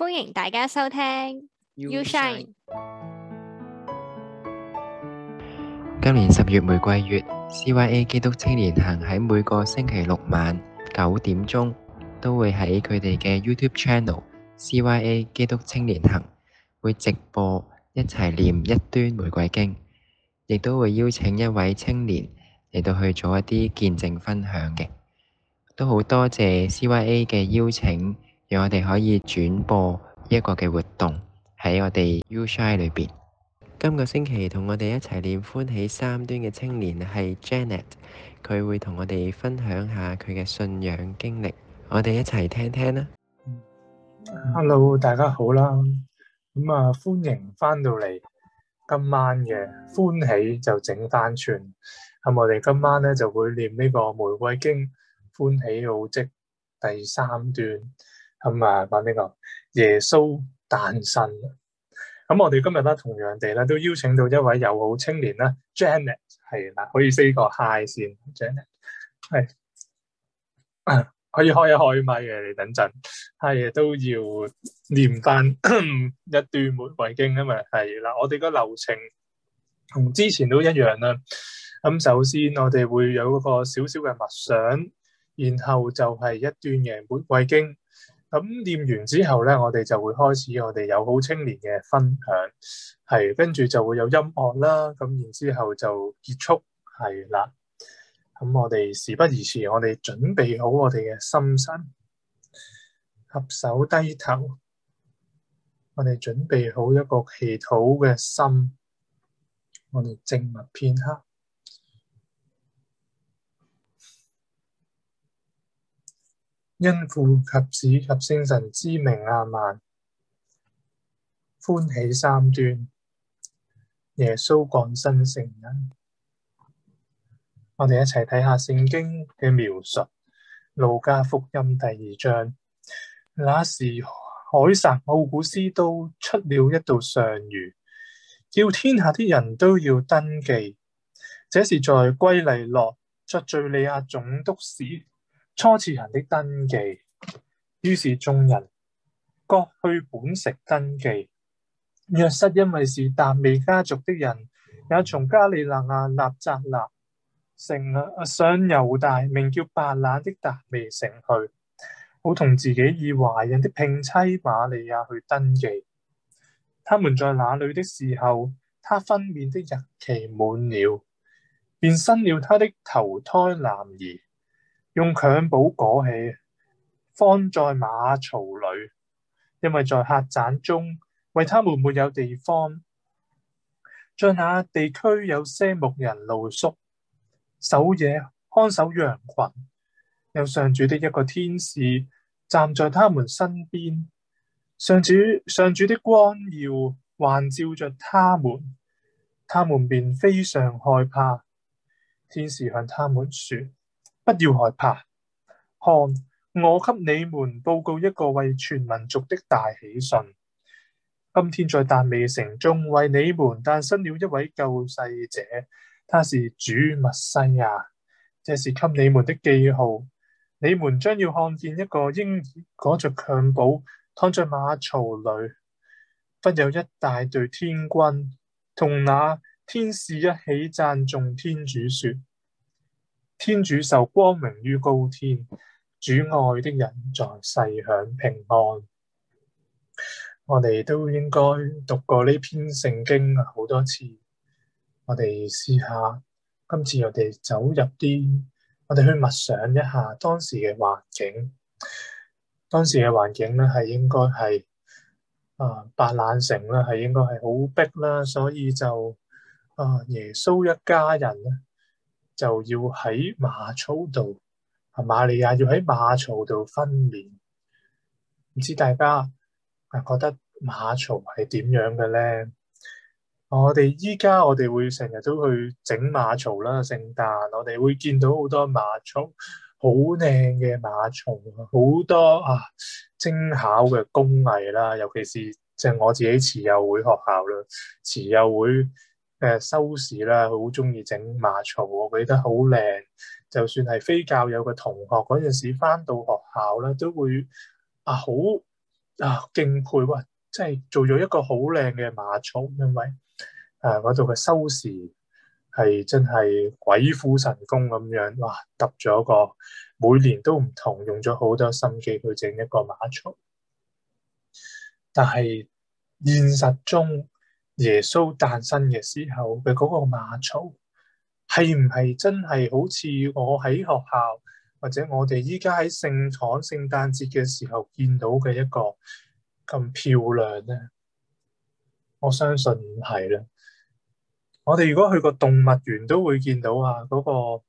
歡迎大家收聽。You Shine。今年十月玫瑰月，CYA 基督青年行喺每個星期六晚九點鐘都會喺佢哋嘅 YouTube Channel CYA 基督青年行會直播，一齊念一端玫瑰經，亦都會邀請一位青年嚟到去做一啲見證分享嘅。都好多謝 CYA 嘅邀請。讓我哋可以轉播一個嘅活動喺我哋 U Shine 裏邊。今個星期同我哋一齊念歡喜三端嘅青年係 Janet，佢會同我哋分享下佢嘅信仰經歷，我哋一齊聽聽啦。Hello，大家好啦，咁啊歡迎翻到嚟今晚嘅歡喜就整翻串，咁我哋今晚咧就會念呢個玫瑰經歡喜奧蹟第三段。咁啊，講呢個耶穌誕生。咁我哋今日咧，同樣地咧，都邀請到一位友好青年咧，Janet，係啦，可以 say 個 hi 先，Janet，係，可以開一開咪嘅，你等陣，係啊，都要念翻一段玫瑰經啊嘛，係啦，我哋個流程同之前都一樣啦。咁首先我哋會有嗰個小小嘅默想，然後就係一段嘅玫瑰經。咁念完之後咧，我哋就會開始我哋友好青年嘅分享，係。跟住就會有音樂啦。咁然之後就結束，係啦。咁我哋事不宜遲，我哋準備好我哋嘅心身，合手低頭，我哋準備好一個祈禱嘅心，我哋靜默片刻。因父及子及聖神之名阿門。歡喜三端。耶穌降生成人，我哋一齊睇下聖經嘅描述。路加福音第二章，那時凱撒奧古斯都出了一道上諭，叫天下啲人都要登記。這是在歸尼羅、作敘利亞總督時。初次行的登記，於是眾人各去本城登記。若瑟因為是達味家族的人，也從加利納亞納扎納，城啊上猶大，名叫白冷的達味城去，好同自己以懷孕的聘妻瑪利亞去登記。他們在那裏的時候，他分娩的日期滿了，便生了他的頭胎男兒。用強保裹起，放在馬槽裏，因為在客棧中為他們沒有地方。在那地區，有些牧人露宿守夜，看守羊群。有上主的一個天使站在他們身邊，上主上主的光耀環照着他們，他們便非常害怕。天使向他們說。不要害怕，看我給你們報告一個為全民族的大喜訊。今天在達美城達味城中為你們誕生了一位救世者，他是主默西亞。這是給你們的記號，你們將要看見一個嬰兒裹着襁褓躺在馬槽裏，忽有一大隊天軍同那天使一起讚頌天主說。天主受光明於高天，主愛的人在世享平安。我哋都應該讀過呢篇聖經啊，好多次。我哋試下，今次我哋走入啲，我哋去默想一下當時嘅環境。當時嘅環境咧，係應該係啊，白、呃、冷城咧，係應該係好逼啦，所以就啊、呃，耶穌一家人咧。就要喺馬槽度，啊瑪利亞要喺馬槽度分娩。唔知大家啊覺得馬槽係點樣嘅咧？我哋依家我哋會成日都去整馬槽啦，聖誕我哋會見到好多馬槽，好靚嘅馬槽，好多啊精巧嘅工藝啦，尤其是即係我自己慈幼會學校啦，慈幼會。誒，修士啦，好中意整馬槽，佢得好靚。就算係非教友嘅同學，嗰陣時翻到學校咧，都會啊好啊敬佩，哇！即係做咗一個好靚嘅馬槽，因為誒嗰度嘅修士係真係鬼斧神工咁樣，哇！揼咗個每年都唔同，用咗好多心機去整一個馬槽。但係現實中。耶穌誕生嘅時候嘅嗰個馬槽，係唔係真係好似我喺學校或者我哋依家喺聖堂聖誕節嘅時候見到嘅一個咁漂亮呢？我相信唔係啦。我哋如果去過動物園都會見到啊，嗰個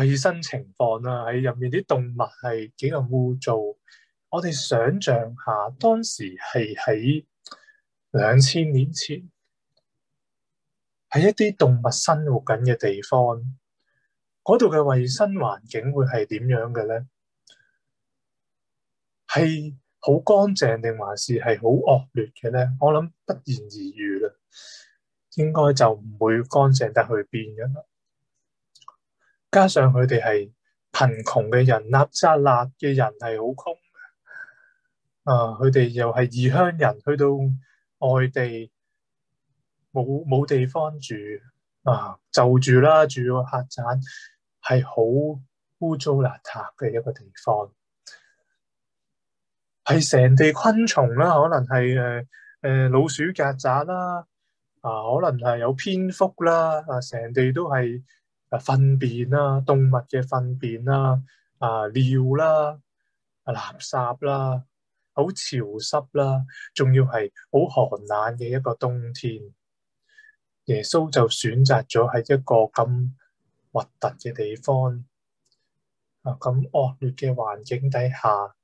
衛生情況啦，喺入面啲動物係幾咁污糟。我哋想象下當時係喺。兩千年前喺一啲動物生活緊嘅地方，嗰度嘅衛生環境會係點樣嘅咧？係好乾淨定還是係好惡劣嘅咧？我諗不言而喻啦，應該就唔會乾淨得去邊噶啦。加上佢哋係貧窮嘅人，拿撒勒嘅人係好窮，啊，佢哋又係異鄉人，去到。外地冇冇地方住啊，就住啦，住個客棧，係好污糟邋遢嘅一個地方，係成地昆蟲啦，可能係誒誒老鼠、曱甴啦，啊可能係有蝙蝠啦，啊成地都係啊糞便啦，動物嘅糞便啦，啊尿啦，啊垃圾啦。啊好潮濕啦，仲要係好寒冷嘅一個冬天，耶穌就選擇咗喺一個咁核突嘅地方啊！咁惡劣嘅環境底下，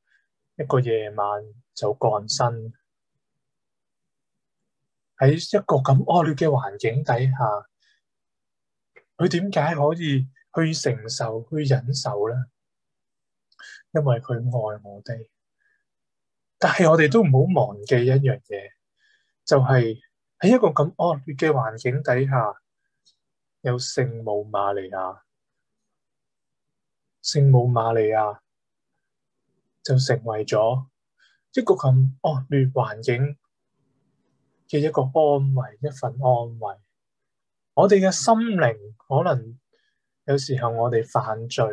一個夜晚就降生。喺一個咁惡劣嘅環境底下，佢點解可以去承受、去忍受咧？因為佢愛我哋。但係我哋都唔好忘記一樣嘢，就係喺一個咁惡劣嘅環境底下，有聖母瑪利亞，聖母瑪利亞就成為咗一個咁惡劣環境嘅一個安慰，一份安慰。我哋嘅心靈可能有時候我哋犯罪，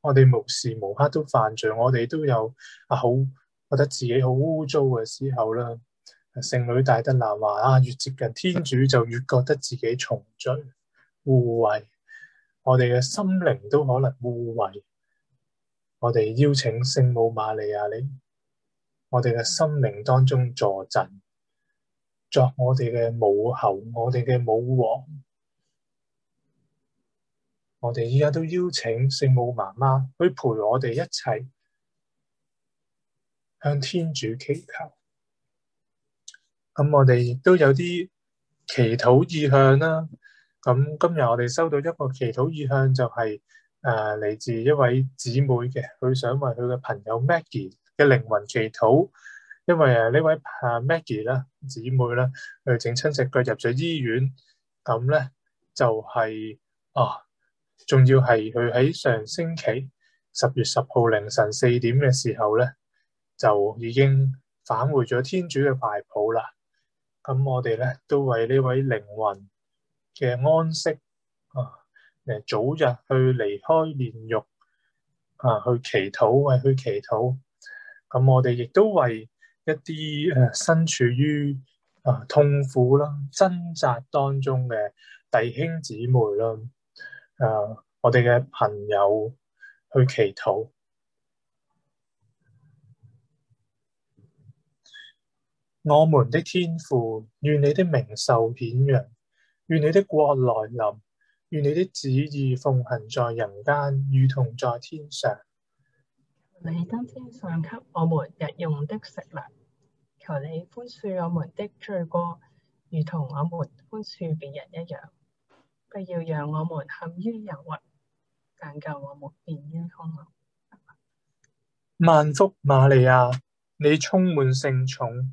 我哋無時無刻都犯罪，我哋都有啊好。覺得自己好污糟嘅時候啦，聖女大德蘭話啊，越接近天主就越覺得自己重罪污穢，我哋嘅心靈都可能污穢。我哋邀請聖母瑪利亞，你我哋嘅心靈當中坐鎮，作我哋嘅母后，我哋嘅母王。我哋依家都邀請聖母媽媽去陪我哋一齊。向天主祈求，咁我哋亦都有啲祈禱意向啦。咁今日我哋收到一個祈禱意向，就是，就係誒嚟自一位姊妹嘅，佢想為佢嘅朋友 Maggie 嘅靈魂祈禱，因為誒、啊啊、呢位阿 Maggie 咧姊妹咧，佢整親隻腳入咗醫院，咁咧就係、是、哦，仲要係佢喺上星期十月十號凌晨四點嘅時候咧。就已經返回咗天主嘅懷抱啦。咁我哋咧都為呢位靈魂嘅安息啊，誒早日去離開煉獄啊，去祈禱，為、啊、去祈禱。咁我哋亦都為一啲誒、啊、身處於啊痛苦啦、啊、掙扎當中嘅弟兄姊妹啦，誒、啊、我哋嘅朋友去祈禱。我們的天父，願你的名受顯揚，願你的國來臨，願你的旨意奉行在人間，如同在天上。求你今天上給我們日用的食糧，求你寬恕我們的罪過，如同我們寬恕別人一樣。不要讓我們陷於誘惑，但救我們免於兇惡。萬福瑪利亞，你充滿聖寵。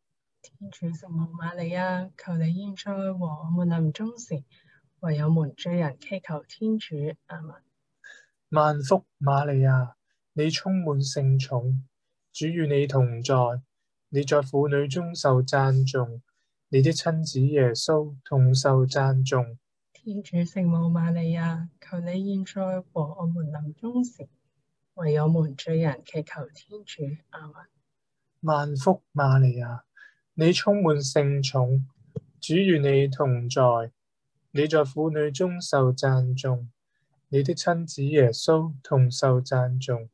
天主聖母瑪利亞，求你現在和我們臨終時，為我們罪人祈求天主。阿們。啊、文萬福瑪利亞，你充滿聖寵，主與你同在，你在婦女中受贊頌，你的親子耶穌同受贊頌。天主聖母瑪利亞，求你現在和我們臨終時，為我們罪人祈求天主。阿們。啊、文萬福瑪利亞。你充滿聖寵，主與你同在，你在婦女中受讚頌，你的親子耶穌同受讚頌。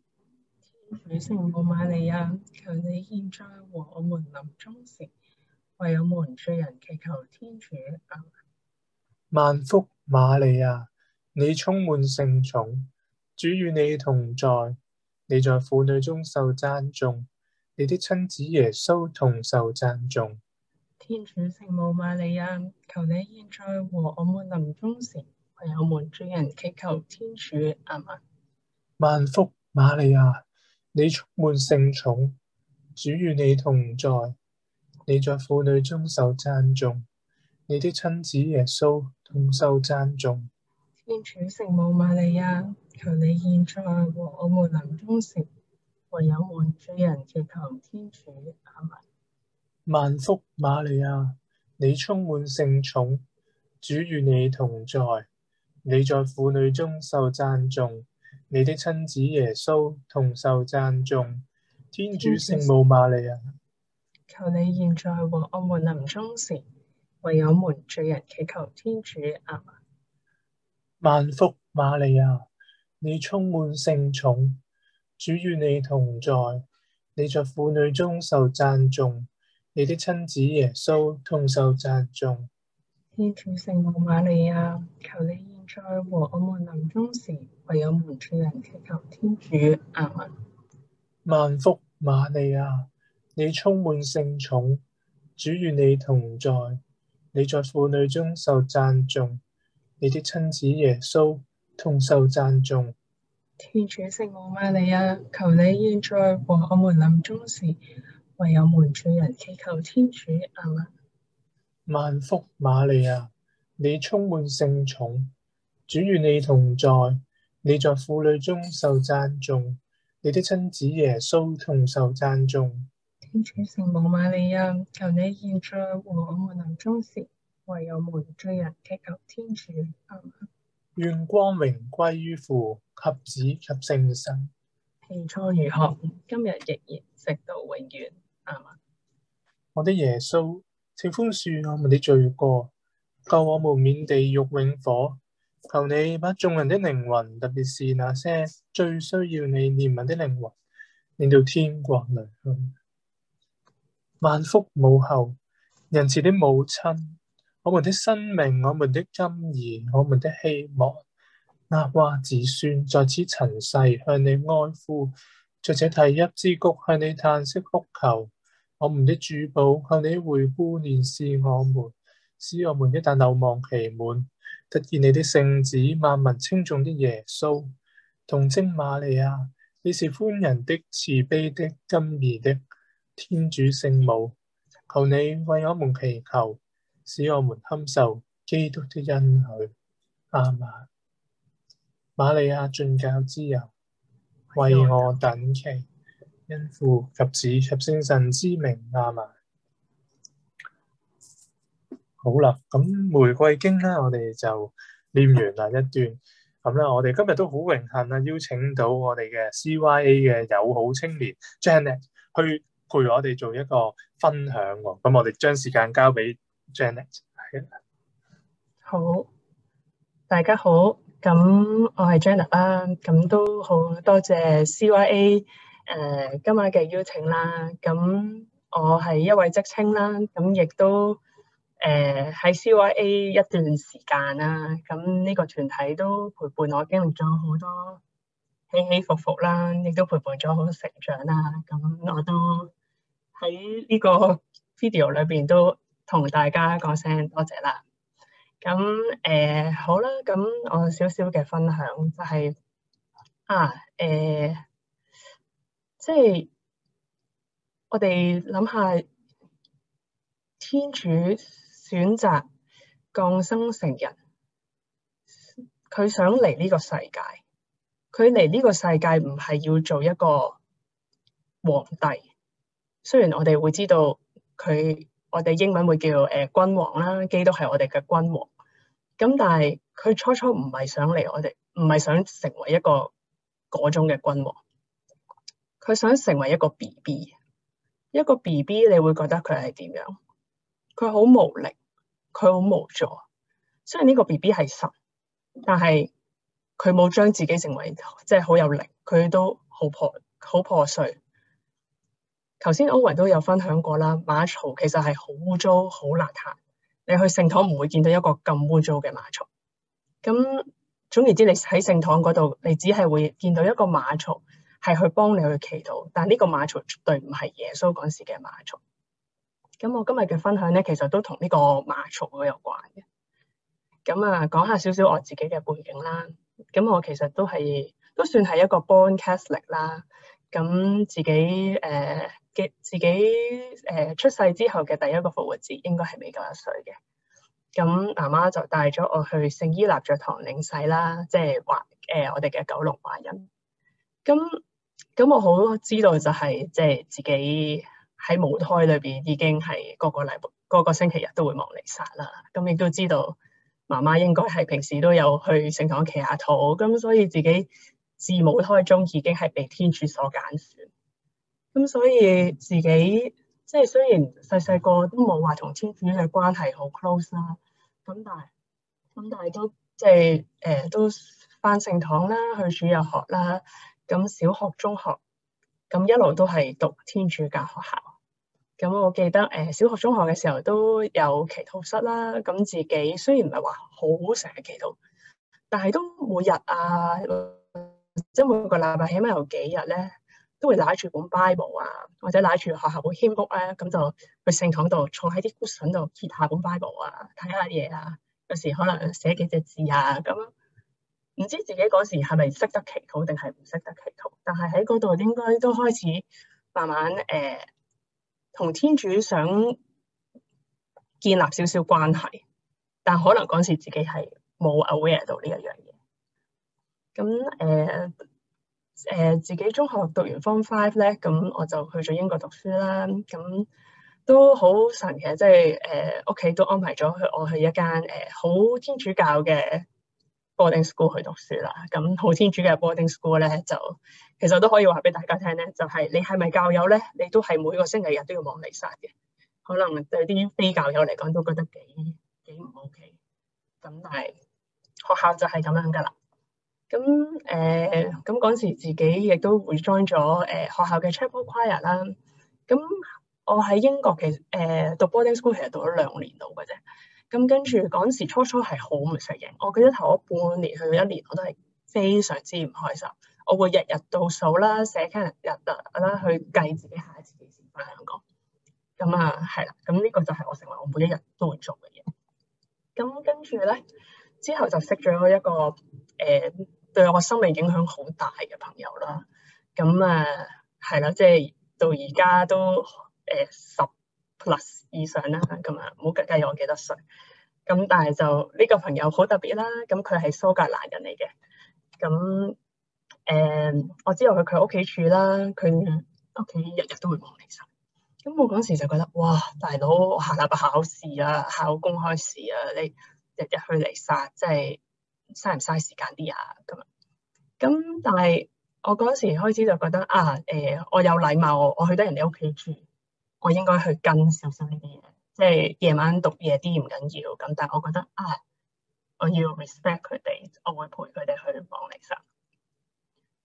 天主聖母瑪利亞，求你現在和我們臨終時，為我們罪人祈求天主。萬福瑪利亞，你充滿聖寵，主與你同在，你在婦女中受讚頌。你的親子耶穌同受讚頌，天主聖母瑪利亞，求你現在和我們臨終時，為我們眾人祈求天主阿們。萬福瑪利亞，你充滿聖寵，主與你同在，你在婦女中受讚頌，你的親子耶穌同受讚頌，天主聖母瑪利亞，求你現在和我們臨終時。唯有蒙罪人祈求天主阿們，啊、萬福瑪利亞，你充滿聖寵，主與你同在，你在婦女中受讚頌，你的親子耶穌同受讚頌，天主聖母瑪利亞，啊、求你現在和我們臨終時，唯有蒙罪人祈求天主阿們，啊、萬福瑪利亞，你充滿聖寵。主與你同在，你在婦女中受讚頌，你的親子耶穌同受讚頌。天主聖母瑪利亞，求你現在和我們臨終時，為我們眾人祈求天主。阿們。萬福瑪利亞，你充滿聖寵，主與你同在，你在婦女中受讚頌，你的親子耶穌同受讚頌。天主聖母瑪利亞，求你現在和我們臨終時，為我們罪人祈求天主。阿們。萬福瑪利亞，你充滿聖寵，主與你同在，你在婦女中受讚頌，你的親子耶穌同受讚頌。天主聖母瑪利亞，求你現在和我們臨終時，為我們罪人祈求天主。阿們。願光榮歸於父及子及聖神。起初如何，今日亦然，直到永遠。阿們。我的耶穌，請寬恕我們的罪過，救我們免地獄永火。求你把眾人的靈魂，特別是那些最需要你憐憫的靈魂，引到天國來。萬福母后，仁慈的母親。我們的生命，我們的甘飴，我們的希望，厄娃子孫在此塵世向你哀呼，在這涕泣之谷向你嘆息哭求。我們的主保，向你回顧憐視我們，使我們一旦流亡期滿，得見你的聖子，萬民稱頌的耶穌，童貞瑪利亞，你是寬仁的、慈悲的、甘飴的天主聖母，求你為我們祈求。使我們堪受基督的恩許，阿瑪瑪利亞進教之佑，為我等祈，因父及子及聖神，神之名，阿瑪。好啦，咁玫瑰經呢，我哋就念完啦一段。咁咧，我哋今日都好榮幸啊，邀請到我哋嘅 CIA 嘅友好青年 Janet 去陪我哋做一個分享。咁我哋將時間交俾。Janet，好，大家好，咁我係 Janet 啊，咁都好多謝 CYA 誒、呃，今晚嘅邀請啦，咁我係一位職青啦，咁亦都誒喺、呃、CYA 一段時間啦、啊，咁呢個團體都陪伴我經歷咗好多起起伏伏啦，亦都陪伴咗我成長啦、啊，咁我都喺呢個 video 裏邊都。同大家講聲多謝啦。咁誒、呃、好啦，咁我少少嘅分享就係、是、啊誒、呃，即係我哋諗下天主選擇降生成人，佢想嚟呢個世界，佢嚟呢個世界唔係要做一個皇帝，雖然我哋會知道佢。我哋英文會叫誒君王啦，基督係我哋嘅君王。咁但係佢初初唔係想嚟我哋，唔係想成為一個嗰種嘅君王。佢想成為一個 BB，一個 BB，你會覺得佢係點樣？佢好無力，佢好無助。雖然呢個 BB 係神，但係佢冇將自己成為，即係好有力，佢都好破，好破碎。頭先歐維都有分享過啦，馬槽其實係好污糟、好邋遢。你去聖堂唔會見到一個咁污糟嘅馬槽。咁總而言之，你喺聖堂嗰度，你只係會見到一個馬槽係去幫你去祈禱，但呢個馬槽絕對唔係耶穌嗰時嘅馬槽。咁我今日嘅分享咧，其實都同呢個馬槽有關嘅。咁啊，講下少少我自己嘅背景啦。咁我其實都係都算係一個 born Catholic 啦。咁自己誒～、呃自己誒、呃、出世之後嘅第一個復活節應該係未夠一歲嘅，咁媽媽就帶咗我去聖伊納爵堂領洗啦，即係話誒我哋嘅九龍華人。咁咁我好知道就係、是、即係自己喺母胎裏邊已經係個個禮個個星期日都會望彌撒啦，咁亦都知道媽媽應該係平時都有去聖堂祈下禱，咁所以自己自母胎中已經係被天主所揀選。咁所以自己即係雖然細細個都冇話同天主嘅關係好 close 啦，咁但係咁但係都即係誒、呃、都返聖堂啦，去主日學啦，咁小學、中學咁一路都係讀天主教學校。咁我記得誒、呃、小學、中學嘅時候都有祈禱室啦。咁自己雖然唔係話好成日祈禱，但係都每日啊，即係每個禮拜起碼有幾日咧。都會攬住本 Bible 啊，或者攬住學校嘅謙屋啊，咁就去聖堂度坐喺啲 cushion 度揭下本 Bible 啊，睇下嘢啊，有時可能寫幾隻字啊，咁唔知自己嗰時係咪識得祈禱定係唔識得祈禱？但係喺嗰度應該都開始慢慢誒同、呃、天主想建立少少關係，但可能嗰時自己係冇 aware 到呢一樣嘢。咁誒。呃誒、呃、自己中學讀完 Form Five 咧，咁、嗯、我就去咗英國讀書啦。咁、嗯嗯、都好神奇，即係誒屋企都安排咗去我去一間誒、呃、好天主教嘅 boarding school 去讀書啦。咁、嗯、好天主教嘅 boarding school 咧，就其實都可以話俾大家聽咧，就係、是、你係咪教友咧，你都係每個星期日都要望彌撒嘅。可能對啲非教友嚟講，都覺得幾幾唔 OK。咁但係學校就係咁樣噶啦。咁誒，咁嗰陣時自己亦都會 join 咗誒學校嘅 chapel choir 啦。咁我喺英國嘅誒、呃、讀 boarding school，其實讀咗兩年到嘅啫。咁、嗯、跟住嗰陣時初初係好唔適應，我記得頭嗰半年去到一年，我都係非常之唔開心。我會日日倒數啦、寫 calendar 啦去計自己下一次幾時翻香港。咁啊，係啦。咁呢個就係我成為我每一日都會做嘅嘢。咁跟住咧，之後就識咗一個誒。呃對我個生命影響好大嘅朋友啦，咁啊係啦，即係到而家都誒十 plus 以上啦，咁啊唔好計計我幾多歲，咁、嗯、但係就呢、這個朋友好特別啦，咁佢係蘇格蘭人嚟嘅，咁、嗯、誒、嗯、我之後去佢屋企住啦，佢屋企日日都會望彌撒，咁、嗯、我嗰時就覺得哇，大佬下禮拜考試啊，考公開試啊，你日日去彌撒，即係～嘥唔嘥時間啲啊咁，咁但係我嗰時開始就覺得啊誒、呃，我有禮貌，我去得人哋屋企住，我應該去跟少少呢啲嘢，即係夜晚讀夜啲唔緊要。咁但係我覺得啊，我要 respect 佢哋，我會陪佢哋去望瀨。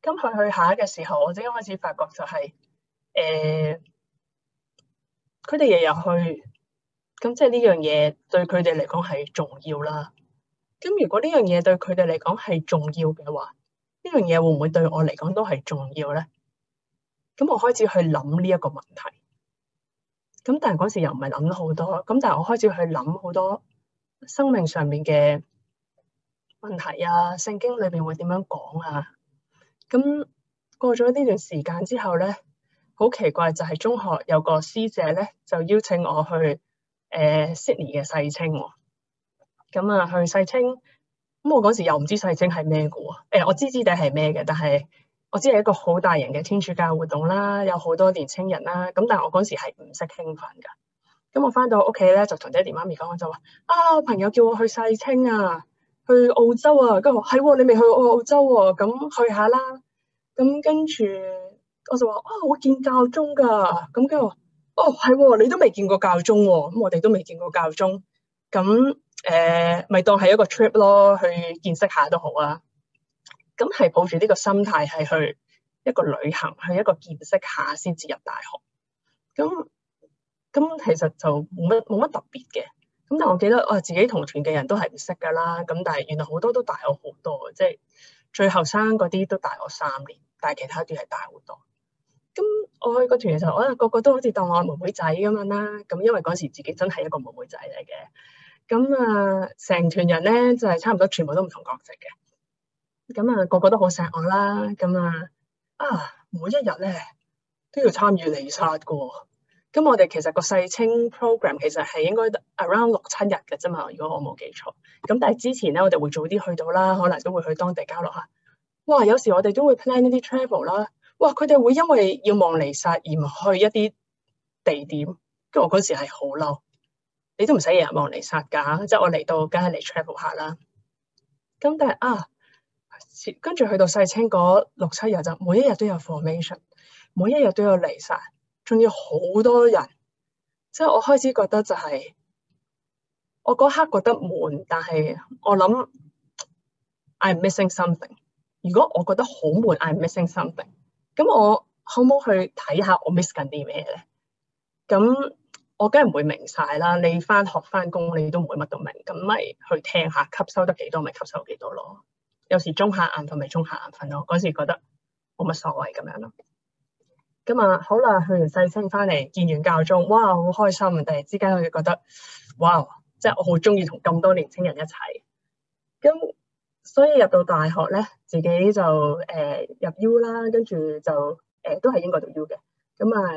咁、嗯、去去下嘅時候，我即刻開始發覺就係、是、誒，佢哋日日去，咁即係呢樣嘢對佢哋嚟講係重要啦。咁如果呢樣嘢對佢哋嚟講係重要嘅話，呢樣嘢會唔會對我嚟講都係重要咧？咁我開始去諗呢一個問題。咁但係嗰時又唔係諗咗好多。咁但係我開始去諗好多生命上面嘅問題啊，聖經裏邊會點樣講啊？咁過咗呢段時間之後咧，好奇怪就係中學有個師姐咧，就邀請我去誒悉尼嘅世青喎、哦。咁啊，去世青，咁我嗰時又唔知世青係咩嘅喎？誒，我知知底係咩嘅，但係我知係一個好大型嘅天主教活動啦，有好多年青人啦。咁但係我嗰時係唔識興奮㗎。咁我翻到屋企咧，就同爹哋媽咪講，就話：啊，朋友叫我去世青啊，去澳洲啊。咁我係、啊、你未去過澳洲喎、啊？咁去下啦。咁跟住我就話：啊，我見教宗㗎。咁跟住我：哦，係、啊、喎、啊啊，你都未見過教宗喎、啊。咁、啊、我哋都未見過教宗。咁、啊啊啊啊啊誒，咪、呃、當係一個 trip 咯，去見識下都好啊。咁係抱住呢個心態係去一個旅行，去一個見識下先至入大學。咁咁其實就冇乜冇乜特別嘅。咁但我記得我、哦、自己同團嘅人都係唔識㗎啦。咁但係原來好多都大我好多，即係最後生嗰啲都大我三年，但係其他啲係大好多。咁我去嗰團嘅時候，我個個都好似當我妹妹仔咁樣啦。咁因為嗰時自己真係一個妹妹仔嚟嘅。咁啊，成團人咧就係、是、差唔多全部都唔同角色嘅，咁啊個個都好錫我啦，咁啊啊每一日咧都要參與離殺嘅，咁我哋其實個細清 program 其實係應該 around 六七日嘅啫嘛，如果我冇記錯，咁但係之前咧我哋會早啲去到啦，可能都會去當地交流下。哇，有時我哋都會 plan 一啲 travel 啦，哇，佢哋會因為要望離殺而唔去一啲地點，跟住我嗰時係好嬲。你都唔使日日望彌撒㗎，即係我嚟到，梗係嚟 travel 下啦。咁但係啊，跟住去到細清嗰六七日，就每一日都有 formation，每一日都有彌撒，仲要好多人。即係我開始覺得就係、是、我嗰刻覺得悶，但係我諗 I'm missing something。如果我覺得好悶，I'm missing something。咁我可唔可以去睇下我 miss 緊啲咩咧？咁。我梗係唔會明晒啦，你翻學翻工你都唔會乜都明，咁咪去聽下，吸收得幾多咪吸收幾多咯。有時中下眼瞓咪中下眼瞓咯，嗰時覺得冇乜所謂咁樣咯。咁啊好啦，去完世青翻嚟見完教宗，哇好開心！突然之間佢就覺得，哇，即係我好中意同咁多年青人一齊。咁所以入到大學咧，自己就誒、呃、入 U 啦，跟住就誒、呃、都係英國讀 U 嘅。咁啊，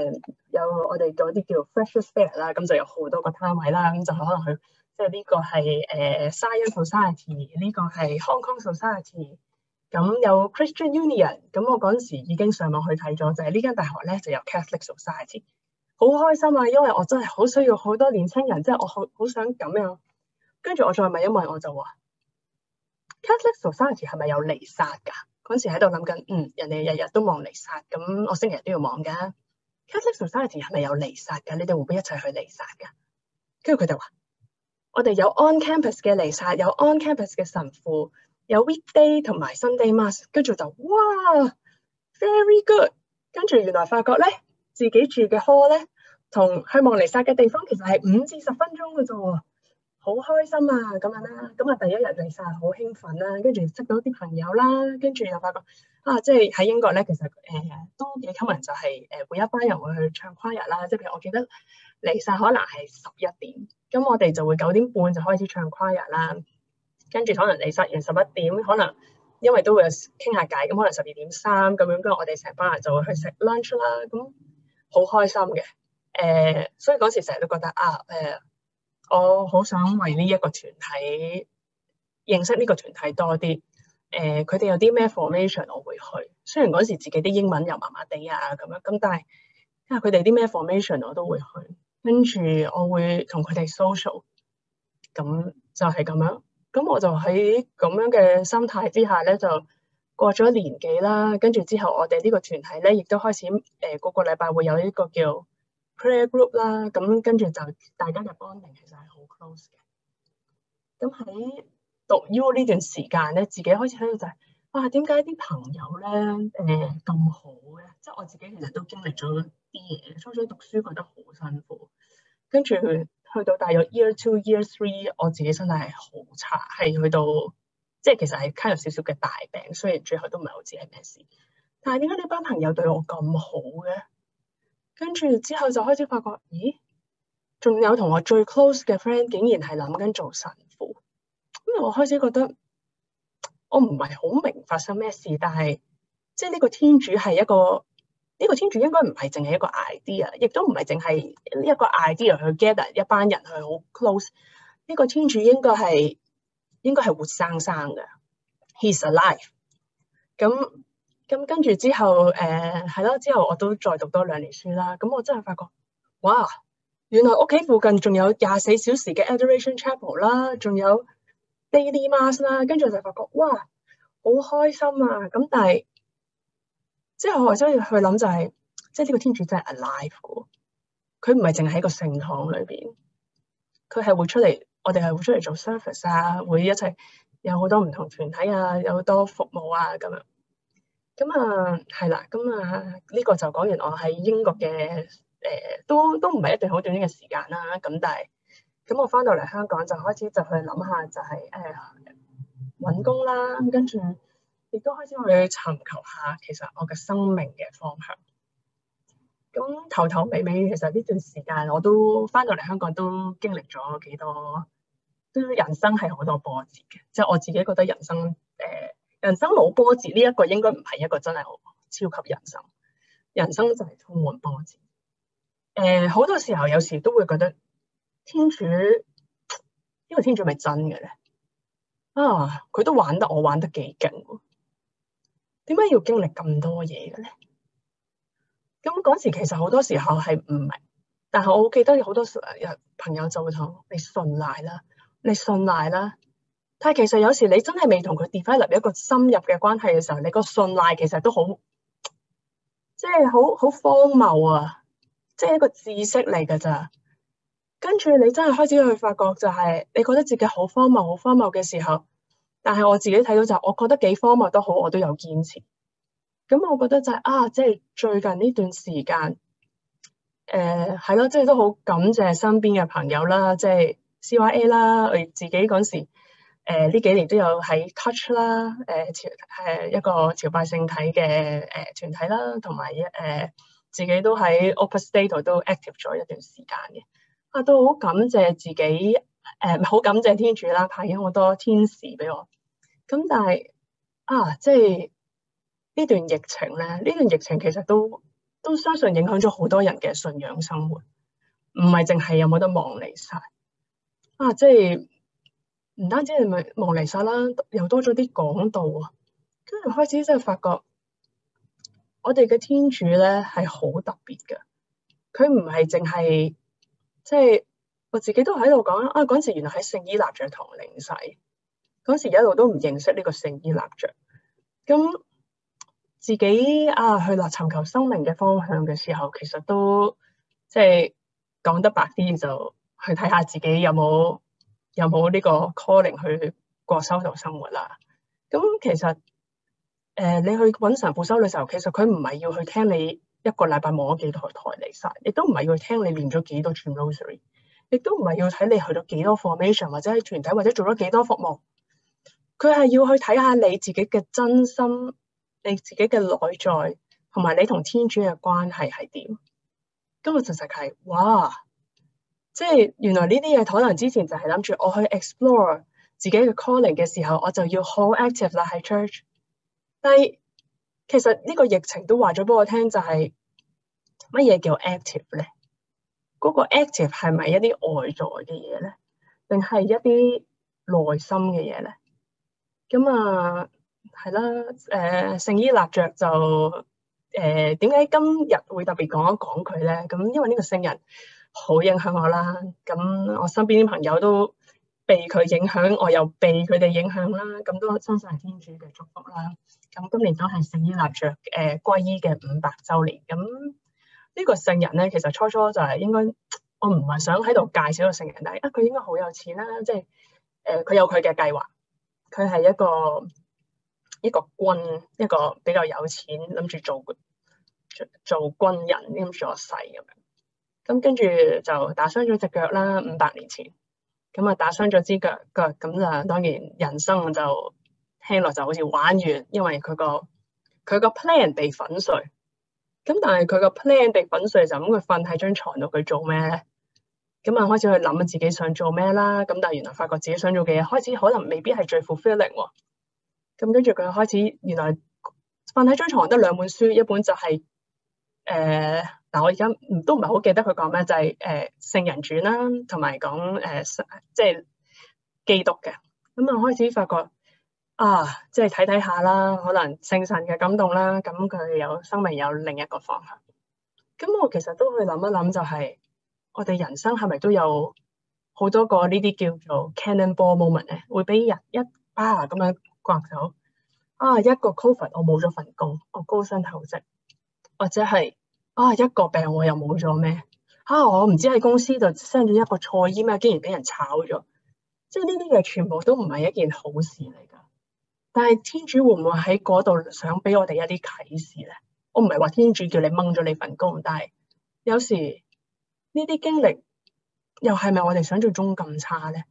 有我哋嗰啲叫 Freshers Fair 啦，咁就有好多個攤位啦。咁就可能去，即係呢個係誒、uh, Science Society，呢個係 Hong Kong Society，咁有 Christian Union。咁我嗰陣時已經上網去睇咗，就係呢間大學咧就有 Catholic Society。好開心啊，因為我真係好需要好多年青人，即、就、係、是、我好好想咁樣、啊。跟住我再問一問，我就話 Catholic Society 係咪有彌撒㗎？嗰陣時喺度諗緊，嗯，人哋日日都望彌撒，咁我星期日都要望㗎、啊。Catholic Society 係咪有彌撒噶？你哋會唔會一齊去彌撒噶？跟住佢哋話：我哋有 on campus 嘅彌撒，有 on campus 嘅神父，有 weekday 同埋 Sunday mass。跟住就哇，very good。跟住原來發覺咧，自己住嘅 hall 咧，同去望彌撒嘅地方其實係五至十分鐘嘅啫喎。好開心啊，咁樣啦，咁啊第一日嚟晒，好興奮啦，跟住識到啲朋友啦，跟住又發覺啊，即係喺英國咧，其實誒、呃、都幾 common 就係、是、誒、呃、每一班人會去唱跨日啦，即係譬如我記得嚟晒可能係十一點，咁、嗯、我哋就會九點半就開始唱跨日啦，跟住可能嚟晒完十一點，可能因為都會有傾下偈，咁可能十二點三咁樣，跟住我哋成班人就會去食 lunch 啦，咁、嗯、好開心嘅，誒、呃，所以嗰時成日都覺得啊，誒、呃。呃呃我好想為呢一個團體認識呢個團體多啲。誒、呃，佢哋有啲咩 formation，我會去。雖然嗰時自己啲英文又麻麻地啊咁樣，咁但係因為佢哋啲咩 formation，我都會去。跟住我會同佢哋 social。咁就係咁樣。咁我就喺咁樣嘅心態之下咧，就過咗年幾啦。跟住之後我，我哋呢個團體咧，亦都開始誒嗰、呃、個禮拜會有呢個叫～Prayer group 啦，咁跟住就大家嘅 bonding 其實係好 close 嘅。咁喺讀 U 呢段時間咧，自己開始喺度就係、是：哇，點解啲朋友咧誒咁好嘅？即係我自己其實都經歷咗啲嘢。初初讀書覺得好辛苦，跟住去到大約 Year Two、Year Three，我自己身體係好差，係去到即係其實係卡入少少嘅大病，雖然最後都唔係好知係咩事。但係點解呢班朋友對我咁好嘅？跟住之後就開始發覺，咦？仲有同我最 close 嘅 friend 竟然係諗緊做神父，咁我開始覺得我唔係好明白發生咩事，但係即係呢個天主係一個呢個天主應該唔係淨係一個 idea，亦都唔係淨係一個 idea 去 gather 一班人去好 close。呢個天主應該係應該係活生生嘅，he's alive。咁咁跟住之後，誒係咯，之後我都再讀多兩年書啦。咁我真係發覺，哇！原來屋企附近仲有廿四小時嘅 Adoration Chapel 啦，仲有 Daily Mass 啦。跟住就發覺，哇！好開心啊！咁但係，之後我真係去諗就係、是，即係呢個天主真係 alive 喎。佢唔係淨係喺個聖堂裏邊，佢係會出嚟，我哋係會出嚟做 service 啊，會一齊有好多唔同團體啊，有好多服務啊咁樣。咁啊，係、嗯、啦，咁啊呢個就講完我喺英國嘅，誒、呃、都都唔係一段好短嘅時間啦。咁但係，咁我翻到嚟香港就開始就去諗下、就是，就係誒搵工啦，跟住亦都開始去尋求下其、嗯頭頭尾尾，其實我嘅生命嘅方向。咁頭頭尾尾，其實呢段時間我都翻到嚟香港都經歷咗幾多，都人生係好多波折嘅，即、就、係、是、我自己覺得人生誒。呃人生冇波折呢一個應該唔係一個真係好超級人生，人生就係充滿波折。誒、呃，好多時候有時都會覺得天主，因、這、為、個、天主係咪真嘅咧啊？佢都玩得我玩得幾勁，點解要經歷咁多嘢嘅咧？咁嗰時其實好多時候係唔明，但係我記得有好多有朋友就會同我講，你信賴啦，你信賴啦。但係其實有時你真係未同佢 develop 一個深入嘅關係嘅時候，你個信賴其實都好，即係好好荒謬啊！即係一個知識嚟㗎咋。跟住你真係開始去發覺就係、是、你覺得自己好荒謬、好荒謬嘅時候，但係我自己睇到就是、我覺得幾荒謬都好，我都有堅持。咁我覺得就係、是、啊，即係最近呢段時間，誒係咯，即係都好感謝身邊嘅朋友啦，即係 CIA 啦，我自己嗰陣時。誒呢、呃、幾年都有喺 Touch 啦，誒、呃、朝係、呃、一個朝拜聖體嘅誒團體啦，同埋誒自己都喺 Opera State 度都 active 咗一段時間嘅，啊都好感謝自己，誒、呃、好感謝天主啦，派咗好多天使俾我。咁但係啊，即係呢段疫情咧，呢段疫情其實都都相信影響咗好多人嘅信仰生活，唔係淨係有冇得望彌撒。啊即係。唔單止係咪望彌撒啦，又多咗啲講道啊，跟住開始真係發覺，我哋嘅天主咧係好特別嘅，佢唔係淨係即係，我自己都喺度講啊，嗰陣時原來喺聖依納爵堂領洗，嗰陣時一路都唔認識呢個聖依納爵。咁、嗯、自己啊去啦尋求生命嘅方向嘅時候，其實都即係講得白啲就去睇下自己有冇。有冇呢個 calling 去過修道生活啦。咁其實誒、呃，你去揾神父修嘅時候，其實佢唔係要去聽你一個禮拜望咗幾台台嚟晒，亦都唔係要去聽你練咗幾多 t r a n s l a r y 亦都唔係要睇你去到幾多 formation 或者係團體或者做咗幾多服務。佢係要去睇下你自己嘅真心，你自己嘅內在，同埋你同天主嘅關係係點。今日事實係，哇！即係原來呢啲嘢，可能之前就係諗住我去 explore 自己嘅 calling 嘅時候，我就要好 active 啦喺 church，但係其實呢個疫情都話咗俾我聽，就係乜嘢叫 active 咧？嗰、那個 active 係咪一啲外在嘅嘢咧？定係一啲內心嘅嘢咧？咁啊係啦，誒、呃、聖依納爵就誒點解今日會特別講一講佢咧？咁因為呢個聖人。好影響我啦，咁我身邊啲朋友都被佢影響，我又被佢哋影響啦，咁都真係天主嘅祝福啦。咁今年都係聖依納爵誒歸依嘅五百週年，咁呢個聖人咧，其實初初就係應該我唔係想喺度介紹個聖人，但係啊佢應該好有錢啦，即係誒佢有佢嘅計劃，佢係一個一個軍一個比較有錢，諗住做做做軍人，諗住我世咁樣。咁跟住就打傷咗隻腳啦，五百年前。咁啊，打傷咗支腳腳，咁就當然人生就聽落就好似玩完，因為佢個佢個 plan 被粉碎。咁但係佢個 plan 被粉碎就咁、是，佢瞓喺張床度，佢做咩咧？咁啊，開始去諗自己想做咩啦。咁但係原來發覺自己想做嘅嘢，開始可能未必係最 fulfilling。咁跟住佢開始原來瞓喺張牀得兩本書，一本就係、是、誒。呃嗱，但我而家唔都唔係好記得佢講咩，就係、是、誒、呃、聖人傳啦，同埋講誒即係基督嘅。咁我開始發覺啊，即係睇睇下啦，可能聖神嘅感動啦，咁佢有生命有另一個方向。咁我其實都去諗一諗、就是，就係我哋人生係咪都有好多個呢啲叫做 cannonball moment 咧，會俾人一巴咁、啊、樣刮走啊？一個 COVID，我冇咗份工，我高薪厚職，或者係。啊、哦！一個病我又冇咗咩？啊！我唔知喺公司度 send 咗一個錯 email，竟然俾人炒咗。即係呢啲嘢全部都唔係一件好事嚟噶。但係天主會唔會喺嗰度想俾我哋一啲啟示咧？我唔係話天主叫你掹咗你份工，但係有時呢啲經歷又係咪我哋想像中咁差咧？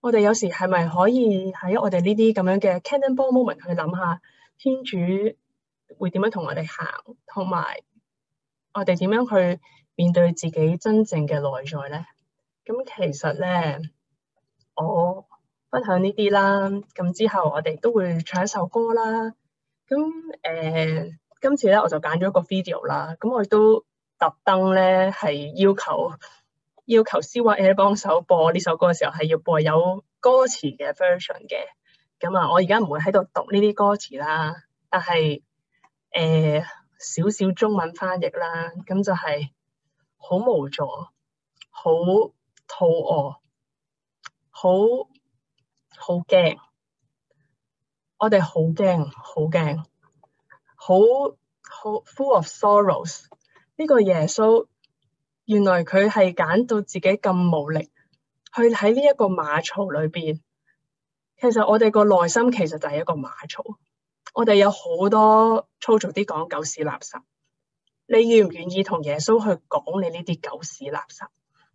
我哋有時係咪可以喺我哋呢啲咁樣嘅 cannonball moment 去諗下天主會點樣同我哋行，同埋？我哋點樣去面對自己真正嘅內在咧？咁其實咧，我分享呢啲啦。咁之後我哋都會唱一首歌啦。咁誒、呃，今次咧我就揀咗個 video 啦。咁我亦都特登咧係要求要求 CWL 幫手播呢首歌嘅時候係要播有歌詞嘅 version 嘅。咁啊，我而家唔會喺度讀呢啲歌詞啦。但係誒。呃少少中文翻譯啦，咁就係好無助、好肚餓、好好驚。我哋好驚，好驚，好好 full of sorrows。呢個耶穌原來佢係揀到自己咁無力，去喺呢一個馬槽裏邊。其實我哋個內心其實就係一個馬槽。我哋有好多粗俗啲講狗屎垃圾，你願唔願意同耶穌去講你呢啲狗屎垃圾？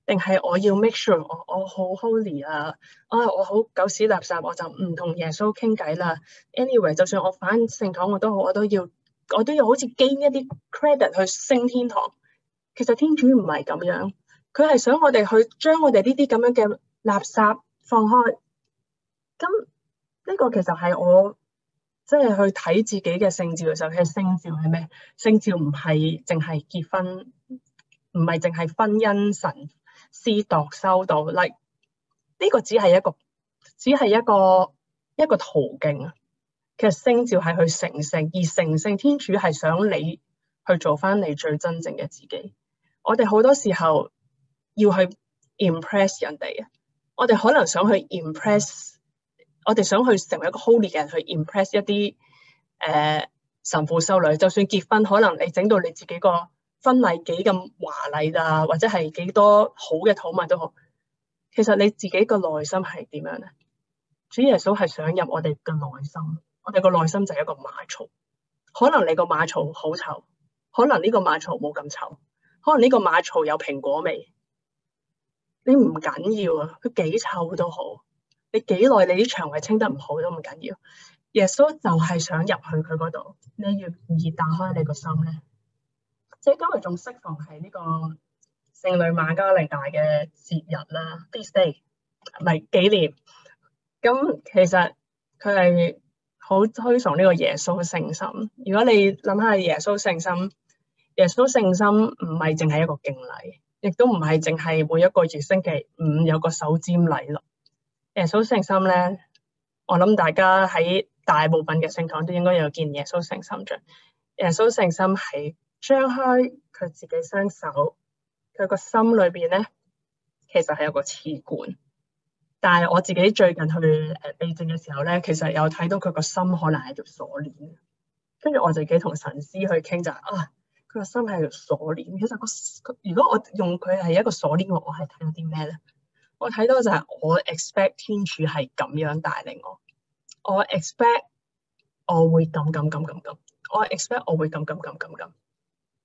定係我要 make sure 我我好 holy 啊！啊、哎、我好狗屎垃圾，我就唔同耶穌傾偈啦。Anyway，就算我反聖堂我都好，我都要我都要好似 Gain 一啲 credit 去升天堂。其實天主唔係咁樣，佢係想我哋去將我哋呢啲咁樣嘅垃圾放開。咁呢、呢個其實係我。即係去睇自己嘅聖召嘅時候，其實聖召係咩？聖召唔係淨係結婚，唔係淨係婚姻神私度收到。例、like，呢個只係一個，只係一個一個途徑啊。其實聖召係去成聖，而成聖天主係想你去做返你最真正嘅自己。我哋好多時候要去 impress 人哋啊，我哋可能想去 impress。我哋想去成為一個 Holy 嘅人，去 impress 一啲誒神父修女。就算結婚，可能你整到你自己個婚禮幾咁華麗啊，或者係幾多好嘅土物都好。其實你自己個內心係點樣咧？主耶穌係想入我哋嘅內心。我哋個內心就係一個馬槽。可能你個馬槽好臭，可能呢個馬槽冇咁臭，可能呢個馬槽有蘋果味。你唔緊要啊，佢幾臭都好。你幾耐？你啲腸胃清得唔好都唔緊要。耶穌就係想入去佢嗰度，你越願意打開你個心咧。即係今日仲適逢係呢個聖女瑪加利大嘅節日啦，This day 唔係紀念。咁其實佢係好推崇呢個耶穌聖心。如果你諗下耶穌聖心，耶穌聖心唔係淨係一個敬禮，亦都唔係淨係每一個月星期五有個首瞻禮咯。耶穌聖心咧，我諗大家喺大部分嘅聖堂都應該有見耶穌聖心像。耶穌聖心係張開佢自己雙手，佢個心裏邊咧其實係有個刺冠。但係我自己最近去避靜嘅時候咧，其實有睇到佢個心可能係條鎖鏈。跟住我自己同神師去傾就係啊，佢個心係條鎖鏈。其實個如果我用佢係一個鎖鏈，我係睇到啲咩咧？我睇到就係我 expect 天主係咁樣帶領我，我 expect 我會咁咁咁咁咁，我 expect 我會咁咁咁咁咁。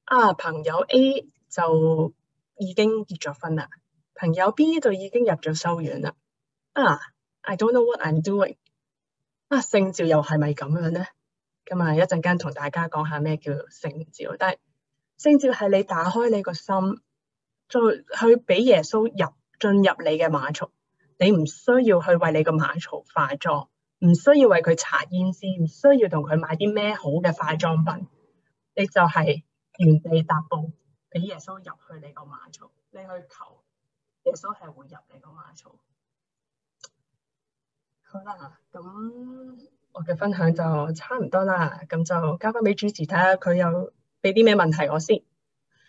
啊，朋友 A 就已經結咗婚啦，朋友 B 就已經入咗修院啦。啊，I don't know what I'm doing。啊，聖召又係咪咁樣咧？咁啊，是是一陣間同大家講下咩叫聖召。但係聖召係你打開你個心，再去俾耶穌入。進入你嘅馬槽，你唔需要去為你個馬槽化妝，唔需要為佢擦胭脂先唔需要同佢買啲咩好嘅化妝品，你就係原地踏步，俾耶穌入去你個馬槽，你去求耶穌係會入你個馬槽。好啦，咁我嘅分享就差唔多啦，咁就交翻俾主持睇下佢有俾啲咩問題我先。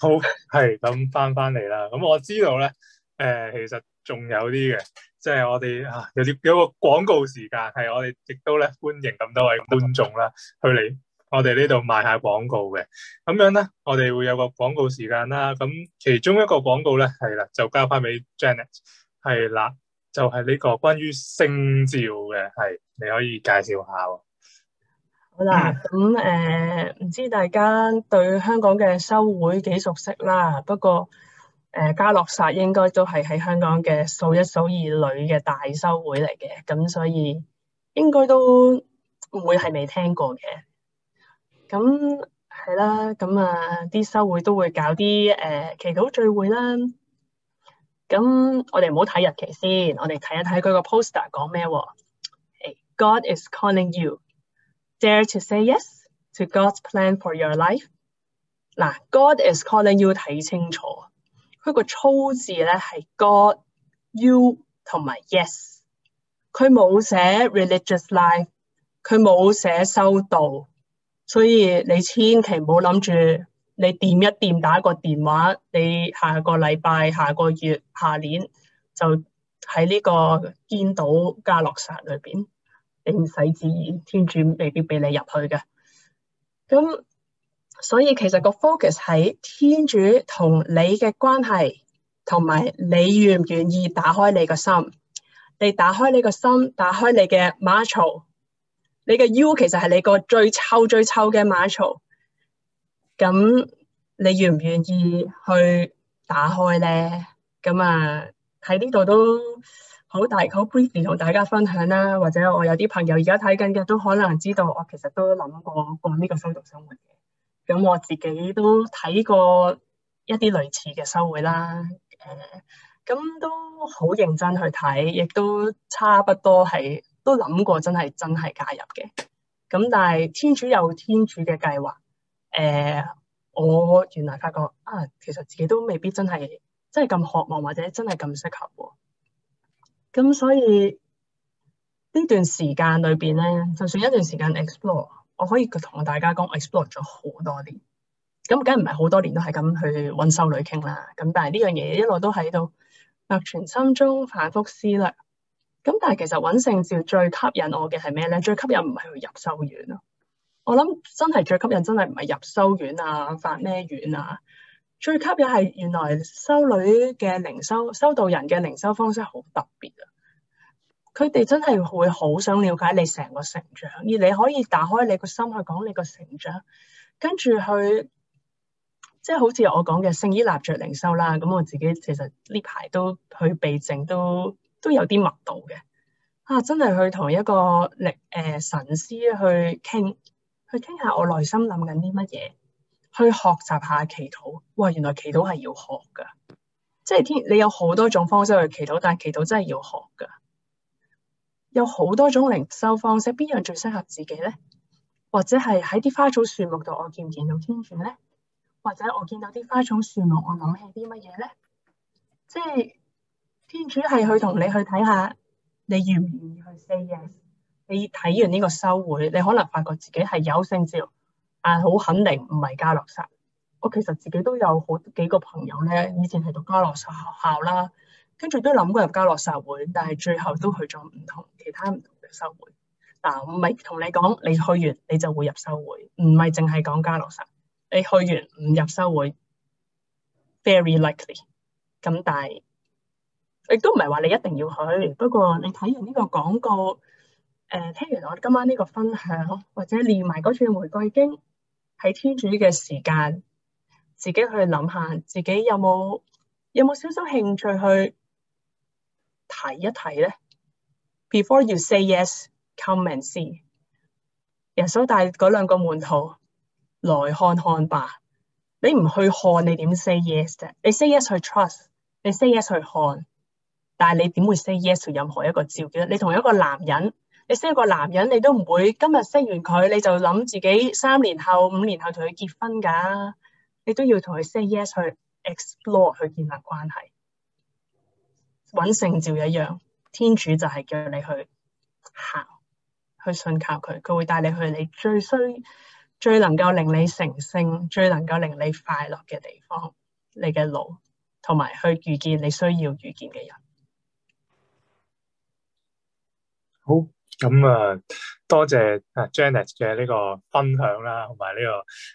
好，係，咁翻翻嚟啦，咁我知道咧。誒、呃，其實仲有啲嘅，即係我哋啊，有啲有個廣告時間，係我哋亦都咧歡迎咁多位觀眾啦，去嚟我哋呢度賣下廣告嘅。咁樣咧，我哋會有個廣告時間啦。咁其中一個廣告咧，係啦，就交翻俾 Janet，係啦，就係、是、呢個關於星照嘅，係你可以介紹下。好啦，咁誒、嗯，唔、呃、知大家對香港嘅收會幾熟悉啦，不過。誒嘉諾撒應該都係喺香港嘅數一數二女嘅大修會嚟嘅，咁所以應該都唔會係未聽過嘅。咁係啦，咁啊啲修會都會搞啲誒、呃、祈禱聚會啦。咁我哋唔好睇日期先，我哋睇一睇佢個 poster 講咩喎？God is calling you, dare to say yes to God's plan for your life。嗱，God is calling you，睇清楚。佢個粗字咧，係 God, You 同埋 Yes，佢冇寫 religious life，佢冇寫修道，所以你千祈唔好諗住你掂一掂打個電話，你下個禮拜、下個月、下年就喺呢個堅道加樂山裏邊，你唔使自然，天主未必俾你入去嘅。咁所以其實個 focus 喺天主同你嘅關係，同埋你願唔願意打開你個心。你打開你個心，打開你嘅 m 馬槽，你嘅 U 其實係你個最臭最臭嘅 m 馬槽。咁你願唔願意去打開咧？咁啊喺呢度都好大好 briefly 同大家分享啦。或者我有啲朋友而家睇緊嘅都可能知道，我其實都諗過過呢個修讀生活嘅。咁我自己都睇過一啲類似嘅修會啦，誒、嗯，咁都好認真去睇，亦都差不多係都諗過真係真係加入嘅。咁、嗯、但係天主有天主嘅計劃，誒、嗯，我原來發覺啊，其實自己都未必真係真係咁渴望，或者真係咁適合喎、啊。咁、嗯、所以呢段時間裏邊咧，就算一段時間 explore。我可以同大家講，我 explore 咗好多年，咁梗唔係好多年都係咁去揾修女傾啦，咁但係呢樣嘢一路都喺度，內存心中反覆思量。咁但係其實揾聖召最吸引我嘅係咩咧？最吸引唔係去入修院咯，我諗真係最吸引真係唔係入修院啊，發咩院啊？最吸引係原來修女嘅靈修，修道人嘅靈修方式好特別啊！佢哋真係會好想了解你成個成長，而你可以打開你個心去講你個成長，跟住去即係、就是、好似我講嘅聖依納爵靈修啦。咁我自己其實呢排都去避靜，都都有啲密度嘅啊。真係去同一個靈誒神師去傾，去傾下我內心諗緊啲乜嘢，去學習下祈禱。哇，原來祈禱係要學㗎，即係天你有好多種方式去祈禱，但係祈禱真係要學㗎。有好多種靈修方式，邊樣最適合自己咧？或者係喺啲花草樹木度，我見唔見到天主咧？或者我見到啲花草樹木，我諗起啲乜嘢咧？即係天主係去同你去睇下，你願唔願意去 say yes？你睇完呢個修會，你可能發覺自己係有聖召，但係好肯定唔係加洛沙。我其實自己都有好幾個朋友咧，以前係讀加洛沙學校啦。跟住都諗過入家樂實會，但係最後都去咗唔同其他唔同嘅修會。嗱、啊，唔係同你講你去完你就會入修會，唔係淨係講加樂實。你去完唔入修會，very likely。咁但係亦都唔係話你一定要去。不過你睇完呢個廣告，誒、呃，聽完我今晚呢個分享，或者連埋嗰串玫瑰經，喺天主嘅時間，自己去諗下，自己有冇有冇少少興趣去？提一提咧，before you say yes，come and see，人手帶兩個門徒來看看吧。你唔去看，你點 say yes 啫？你 say yes 去 trust，你 say yes 去看，但係你點會 say yes 去任何一個照嘅咧？你同一個男人，你 s 識一個男人，你都唔會今日識完佢，你就諗自己，三年後五年後同佢結婚㗎。你都要同佢 say yes 去 explore 去建立關係。揾聖召一樣，天主就係叫你去行，去信靠佢，佢會帶你去你最需、最能夠令你成聖、最能夠令你快樂嘅地方，你嘅路同埋去遇見你需要遇見嘅人。好，咁啊，多謝啊 Janet 嘅呢個分享啦，同埋呢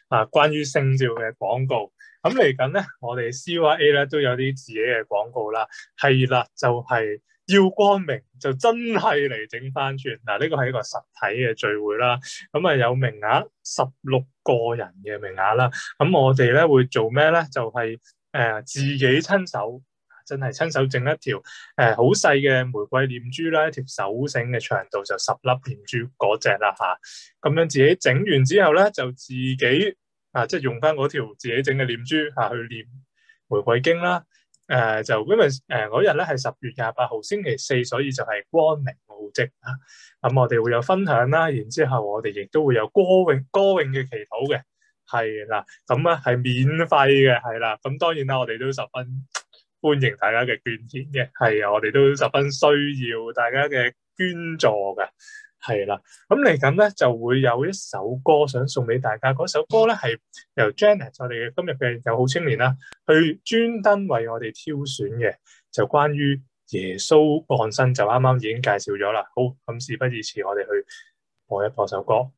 個啊關於聖召嘅廣告。咁嚟緊咧，我哋 CIA 咧都有啲自己嘅廣告啦，係啦，就係、是、要光明，就真係嚟整翻串嗱，呢個係一個實體嘅聚會啦。咁、嗯、啊有名額十六個人嘅名額啦，咁、嗯、我哋咧會做咩咧？就係、是、誒、呃、自己親手，真係親手整一條誒好細嘅玫瑰念珠啦，一條手繩嘅長度就十粒念珠嗰隻啦吓，咁、啊、樣自己整完之後咧，就自己。啊，即係用翻嗰條自己整嘅念珠吓去念《玫瑰經》啦。誒、呃，就因為誒嗰日咧係十月廿八號星期四，所以就係光明浩績啦。咁、嗯、我哋會有分享啦，然之後我哋亦都會有歌詠歌詠嘅祈禱嘅，係啦。咁咧係免費嘅，係啦。咁當然啦，我哋都十分歡迎大家嘅捐錢嘅，係啊，我哋都十分需要大家嘅捐助嘅。係啦，咁嚟緊咧就會有一首歌想送俾大家，嗰首歌咧係由 Janet 我哋今日嘅友好青年啦，去專登為我哋挑選嘅，就關於耶穌降生，就啱啱已經介紹咗啦。好，咁事不宜遲，我哋去播一播一首歌。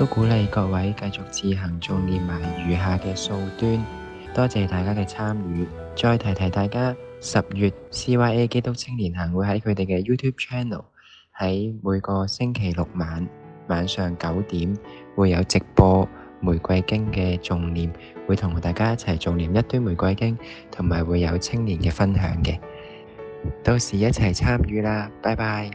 都鼓勵各位繼續自行誦念埋餘下嘅數端，多謝大家嘅參與。再提提大家，十月 CYA 基督青年行會喺佢哋嘅 YouTube Channel 喺每個星期六晚晚上九點會有直播玫瑰經嘅誦念，會同大家一齊誦念一堆玫瑰經，同埋會有青年嘅分享嘅，到時一齊參與啦。拜拜。